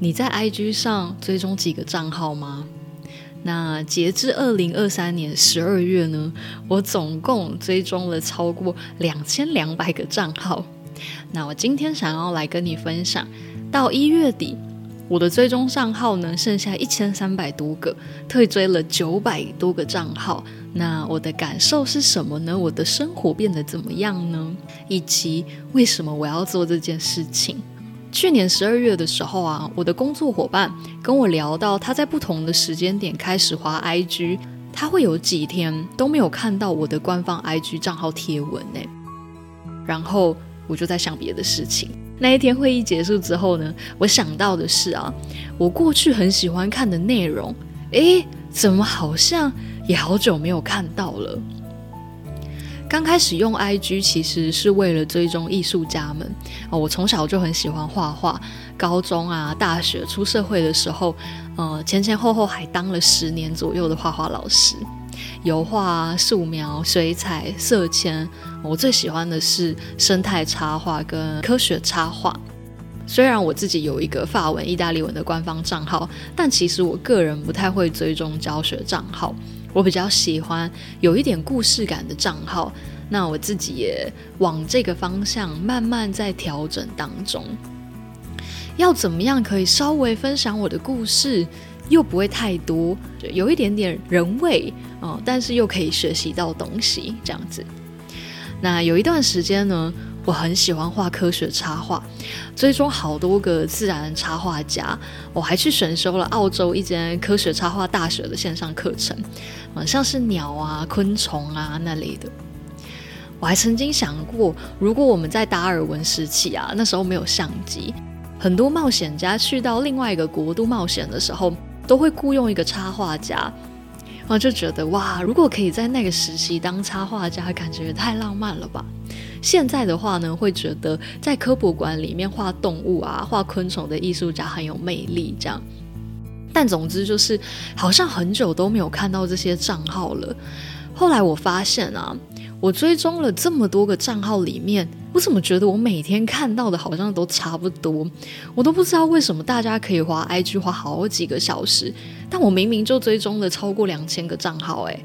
你在 IG 上追蹤幾個賬號嗎？那截至二零二三年十二月呢？我總共追蹤了超過兩千兩百個賬號。那我今天想要來跟你分享，到一月底，我的追蹤賬號呢，剩下一千三百多個，退追了九百多個賬號。那我的感受是什麼呢？我的生活變得怎麼樣呢？以及為什麼我要做這件事情？去年十二月的時候啊，我的工作夥伴跟我聊到，他在不同的時間點開始滑 IG，他會有幾天都沒有看到我的官方 IG 賬號貼文呢。然後我就在想別的事情。那一天會議結束之後呢，我想到的是啊，我過去很喜歡看的內容，誒，怎麼好像也好久沒有看到了？剛開始用 IG 其實是為了追蹤藝術家們啊，呃，我從小就很喜歡畫畫，高中啊、大學、出社會的時候，呃，前前後後還當了十年左右的畫畫老師，油畫、素描、水彩、色鉛。我最喜歡的是生態插畫跟科學插畫。雖然我自己有一個法文、意大利文的官方賬號，但其實我個人不太會追蹤教學賬號。我比較喜歡有一點故事感的賬號，那我自己也往這個方向慢慢在調整當中。要怎麼樣可以稍微分享我的故事，又不會太多，有一點點人味，嗯，哦，但是又可以學習到東西，這樣子。那有一段時間呢，我很喜歡畫科學插畫，追蹤好多個自然插畫家，我還去選修了澳洲一間科學插畫大學的線上課程，像是鳥啊、昆蟲啊那類的。我還曾經想過，如果我們在達爾文時期啊，那時候沒有相機，很多冒險家去到另外一個國度冒險的時候，都會僱用一個插畫家。我就覺得哇，如果可以在那個時期當插畫家，感覺也太浪漫了吧。現在的話呢，會覺得在科博館裡面畫動物啊、畫昆蟲的藝術家很有魅力這樣。但總之就是好像很久都沒有看到這些賬號了。後來我發現啊，我追蹤了這麼多個賬號裡面，我怎麼覺得我每天看到的好像都差不多？我都不知道為什麼大家可以滑 IG 滑好幾個小時。但我明明就追蹤了超過兩千個賬號誒、欸，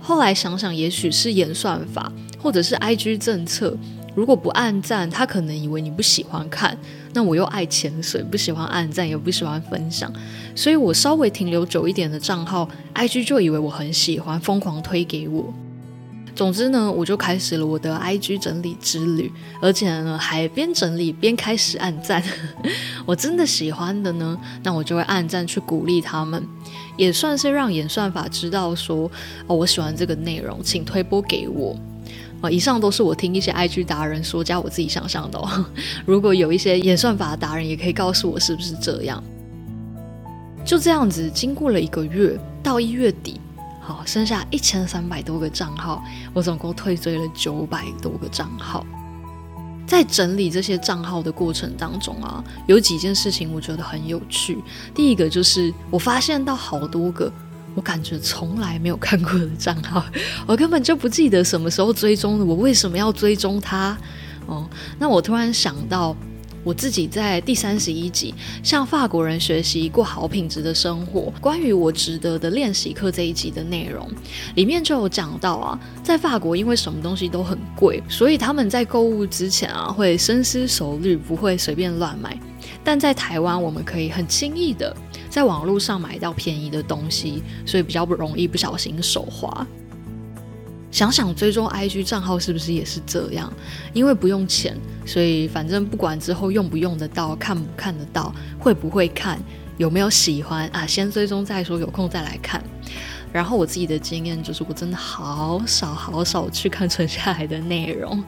後來想想，也許是演算法，或者是 I G 政策，如果不按讚，他可能以為你不喜歡看。那我又愛潛水，不喜歡按讚，也不喜歡分享，所以我稍微停留久一點的賬號，I G 就以為我很喜歡，瘋狂推給我。總之呢，我就開始了我的 IG 整理之旅，而且呢，還邊整理邊開始按贊。 我真的喜歡的呢，那我就會按贊去鼓勵他們，也算是讓演算法知道說哦，我喜歡這個內容，請推播給我。啊、呃，以上都是我聽一些 IG 達人說加我自己想象的、哦。 如果有一些演算法的達人，也可以告訴我是不是這樣。就這樣子，經過了一個月，到一月底。好、哦，剩下一千三百多個賬號我總共退追了九百多個賬號在整理這些賬號的過程當中啊，有幾件事情我覺得很有趣。第一個就是我發現到好多個我感覺從來沒有看過的賬號我根本就不記得什麼時候追蹤的，我為什麼要追蹤它？哦，那我突然想到。我自己在第三十一集向法國人學習過好品質的生活，關於我值得的練習課這一集的內容，裡面就有講到啊，在法國因為什麼東西都很貴，所以他們在購物之前啊會深思熟慮，不會隨便亂買。但在台灣我們可以很輕易的在網絡上買到便宜的東西，所以比較不容易不小心手滑。想想追蹤 IG 賬號是不是也是這樣？因為不用錢。所以，反正不管之後用不用得到，看不看得到，會不會看，有沒有喜歡啊，先追蹤再說，有空再來看。然後我自己的經驗就是，我真的好少好少去看存下來的內容。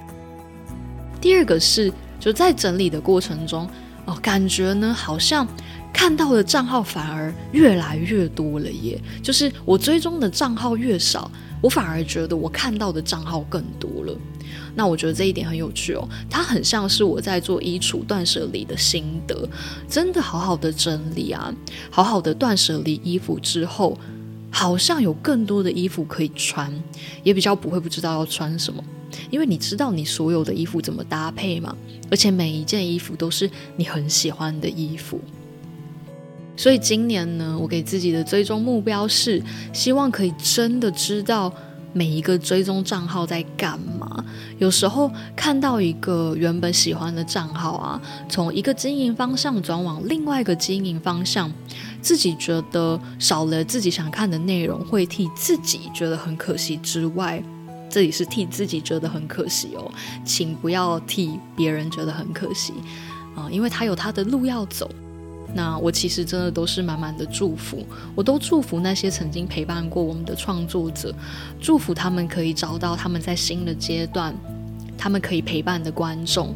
第二個是，就在整理的過程中，哦，感覺呢，好像看到的賬號反而越來越多了耶，也就是我追蹤的賬號越少，我反而覺得我看到的賬號更多了。那我覺得這一點很有趣哦，它很像是我在做衣櫥斷捨離的心得，真的好好的整理啊，好好的斷捨離衣服之後，好像有更多的衣服可以穿，也比較不會不知道要穿什麼，因為你知道你所有的衣服怎麼搭配嘛，而且每一件衣服都是你很喜歡的衣服，所以今年呢，我給自己的追蹤目標是希望可以真的知道每一個追蹤賬號在幹嘛。有時候看到一個原本喜歡的賬號啊，從一個經營方向轉往另外一個經營方向，自己覺得少了自己想看的內容，會替自己覺得很可惜之外，這裡是替自己覺得很可惜哦，請不要替別人覺得很可惜啊、嗯，因為他有他的路要走。那我其實真的都是滿滿的祝福，我都祝福那些曾經陪伴過我們的創作者，祝福他們可以找到他們在新的階段，他們可以陪伴的觀眾。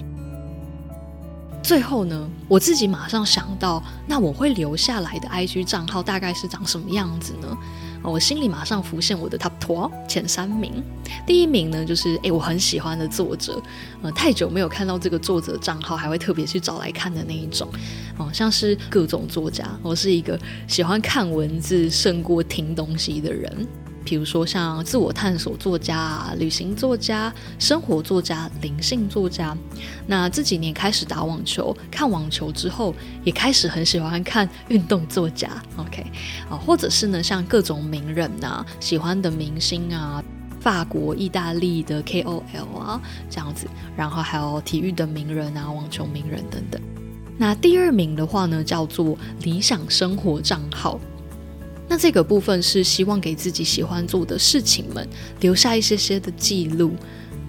最後呢，我自己馬上想到，那我會留下來的 IG 賬號大概是長什麼樣子呢？我心裡馬上浮現我的 Top Two 前三名，第一名呢就是誒、欸、我很喜歡的作者，呃太久沒有看到這個作者賬號，還會特別去找來看的那一種，哦、呃、像是各種作家，我是一個喜歡看文字勝過聽東西的人。比如說像自我探索作家、旅行作家、生活作家、靈性作家，那這幾年開始打網球，看網球之後，也開始很喜歡看運動作家，OK 啊，或者是呢像各種名人吶、啊，喜歡的明星啊，法國、意大利的 KOL 啊這樣子，然後還有體育的名人啊，網球名人等等。那第二名的話呢，叫做理想生活賬號。那這個部分是希望給自己喜歡做的事情們留下一些些的記錄，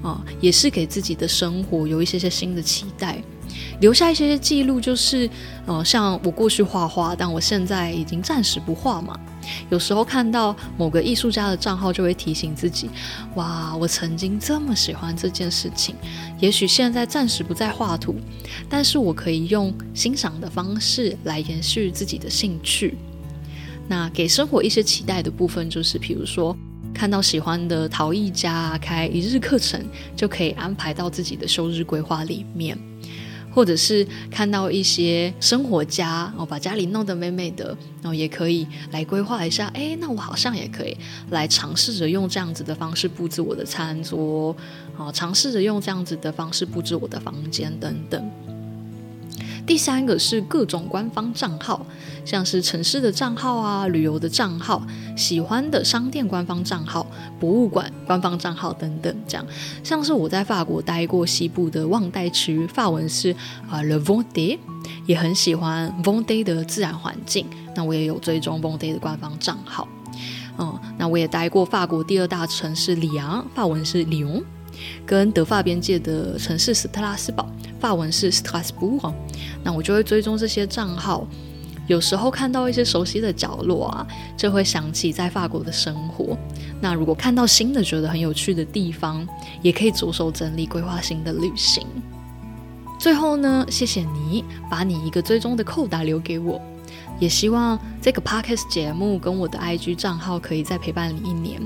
啊、呃，也是給自己的生活有一些些新的期待，留下一些些記錄，就是，呃，像我過去畫畫，但我現在已經暫時不畫嘛。有時候看到某個藝術家的賬號，就會提醒自己，哇，我曾經這麼喜歡這件事情，也許現在暫時不再畫圖，但是我可以用欣賞的方式來延續自己的興趣。那給生活一些期待的部分，就是比如說看到喜歡的陶藝家開一日課程，就可以安排到自己的休日規劃裡面；或者是看到一些生活家哦，把家裡弄得美美的，然後哦，也可以來規劃一下。誒，那我好像也可以來嘗試着用這樣子的方式布置我的餐桌，哦，嘗試着用這樣子的方式布置我的房間等等。第三個是各種官方賬號，像是城市的賬號啊、旅遊的賬號、喜歡的商店官方賬號、博物館官方賬號等等，這樣。像是我在法國待過西部的旺代區，法文是啊，Le Vendée 也很喜歡 Vendée 的自然環境，那我也有追蹤 Vendée 的官方賬號。嗯，那我也待過法國第二大城市里昂，法文是 Lyon。跟德法邊界的城市斯特拉斯堡，法文是斯特拉斯布。那我就會追蹤這些賬號。有時候看到一些熟悉的角落啊，就會想起在法國的生活。那如果看到新的覺得很有趣的地方，也可以着手整理規劃新的旅行。最後呢，謝謝你把你一個追蹤的扣打留給我，也希望這個 podcast 節目跟我的 IG 賬號可以再陪伴你一年。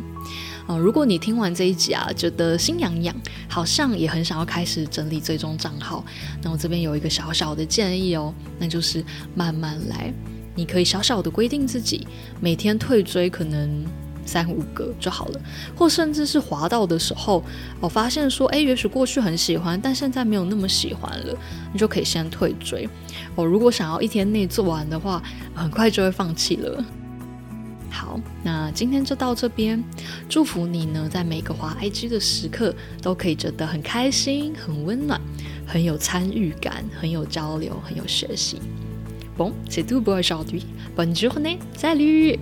哦，如果你聽完這一集啊，覺得心癢癢，好像也很想要開始整理追蹤帳號，那我這邊有一個小小的建議哦，那就是慢慢來，你可以小小的規定自己，每天退追可能三五個就好了，或甚至是滑到的時候，我、哦、發現說，哎、欸，也許過去很喜歡，但現在沒有那麼喜歡了，你就可以先退追。我、哦、如果想要一天內做完的話，很快就會放棄了。好，那今天就到這邊。祝福你呢，在每個滑 IG 的時刻，都可以覺得很開心、很溫暖、很有參與感、很有交流、很有學習。Bon，謝杜波本周呢，再聊。